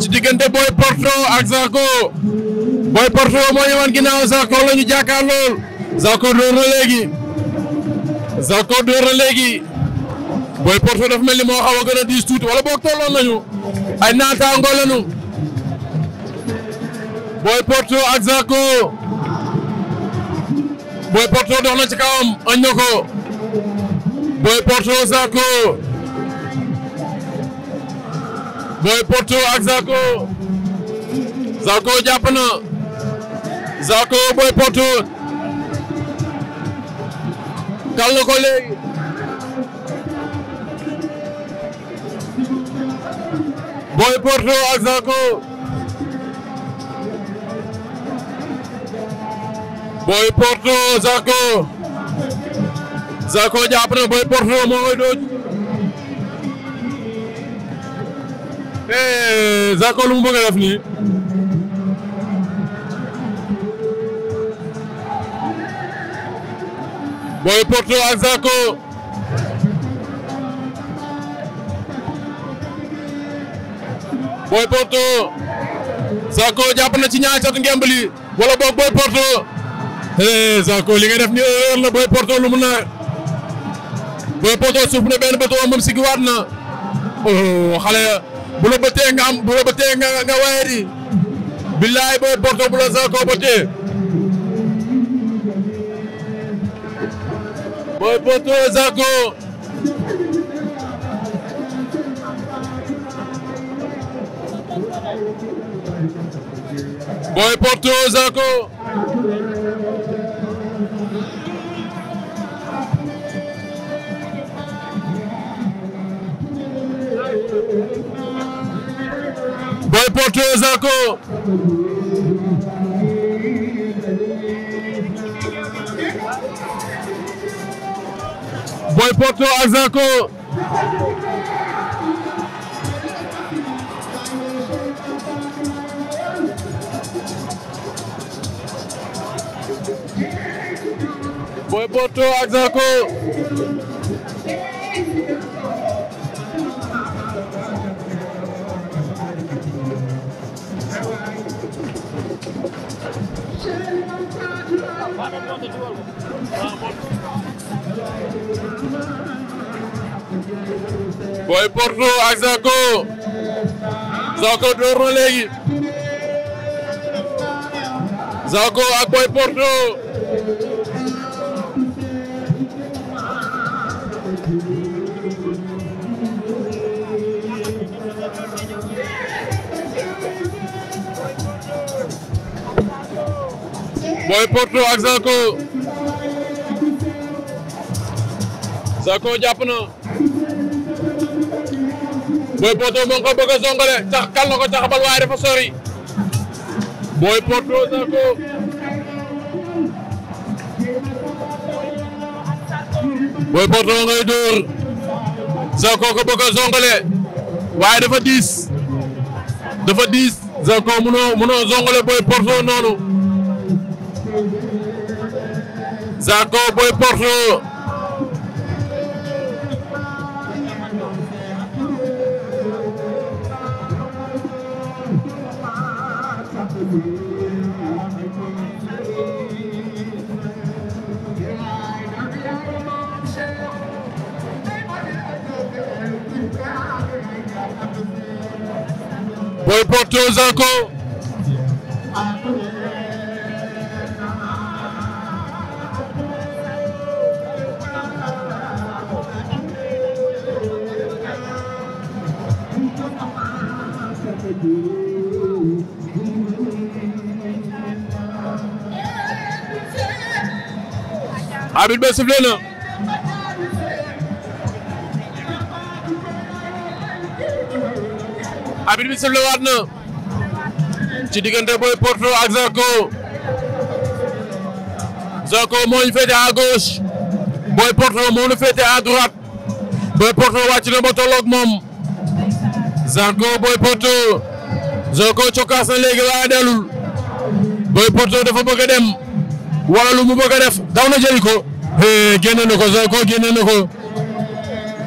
ci diggante Boy Porto ak Zarko Boy Porto moo ñëwaat ginnaaw Zarko la ñu jàkkaar lool Zarko door na léegi Zarko door léegi Boy Porto dafa mel ni moo xaw diis tuuti wala boog nañu ay naataango lañu Boy Porto ak Zarko Boy ci kawam a na ko Boy Porto Zarko Boy Porto ak Zarko Zarko jàpp na Zarko Boy Porto kal na Boy Porto ak Zarko Boy Porto Zarko Zarko jàpp Boy Porto moo koy dooj Eh, Zarko lu mu bëgg a def nii. Boy Porto ak Zarko. Boy Porto. Zarko jàpp na ci ñaari catu ngemb li wala boog Boy Porto. Eh, Zarko li nga def nii erreur la Boy Porto lu mu na Boy Porto suuf na benn bët moom siggiwaat na. Oh, xale. bu la bëtee nga am bu la bëtee nga nga waayee di. billaay boo borto bu la sax koo bëtee. booy borto Zarko. booy borto Zarko. les Boy Porto ak Zarko Boy Porto ak Zarko Boy Bordeaux ak Zarko Zarko door na léegi Zarko ak Boy Bordeaux Boy Porto ak Zarko Zarko Boy Porto moo ngi ko bëgg a zongale cax kal na waaye dafa sori Boy Porto Zarko Boy Porto ngay dóor Zarko ko bëgg a waaye dafa diis dafa diis Zarko mënoo mënoo zongale Boy Porto noonu Zarko Boy Porto Boy Porto Zarko arbitre bi sifflé na arbitre bi sifflé waat na ci diggante Boy Porto ak Zarko Zarko moo ñu féete à Boy Porto moo ñu féete à Boy Porto wàcc na ba tolloog moom Boy Porto Zarko cokkaas na léegi waaye delul Boy Porto dafa bëgg wala lu mu bëgg def daw na jëli ko. Eh, génne na ko Zarko génne na ko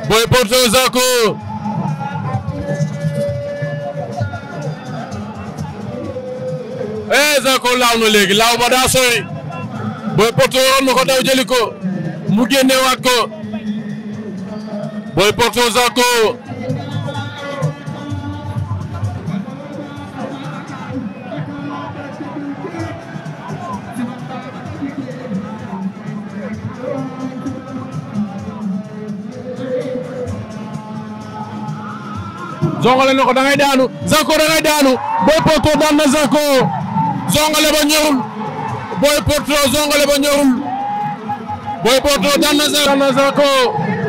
Boy Porto Zarko eh Zarko laaw na léegi laaw ba daa Boy Porto waroon daw jëli mu génne waat Boy Porto Zarko. zongale na ko da ngay daanu Zarko da ngay daanu Boy Porto daan na Zarko zongale ba ñorul Boy Porto zongale ba ñorul Boy Porto daan na Zarko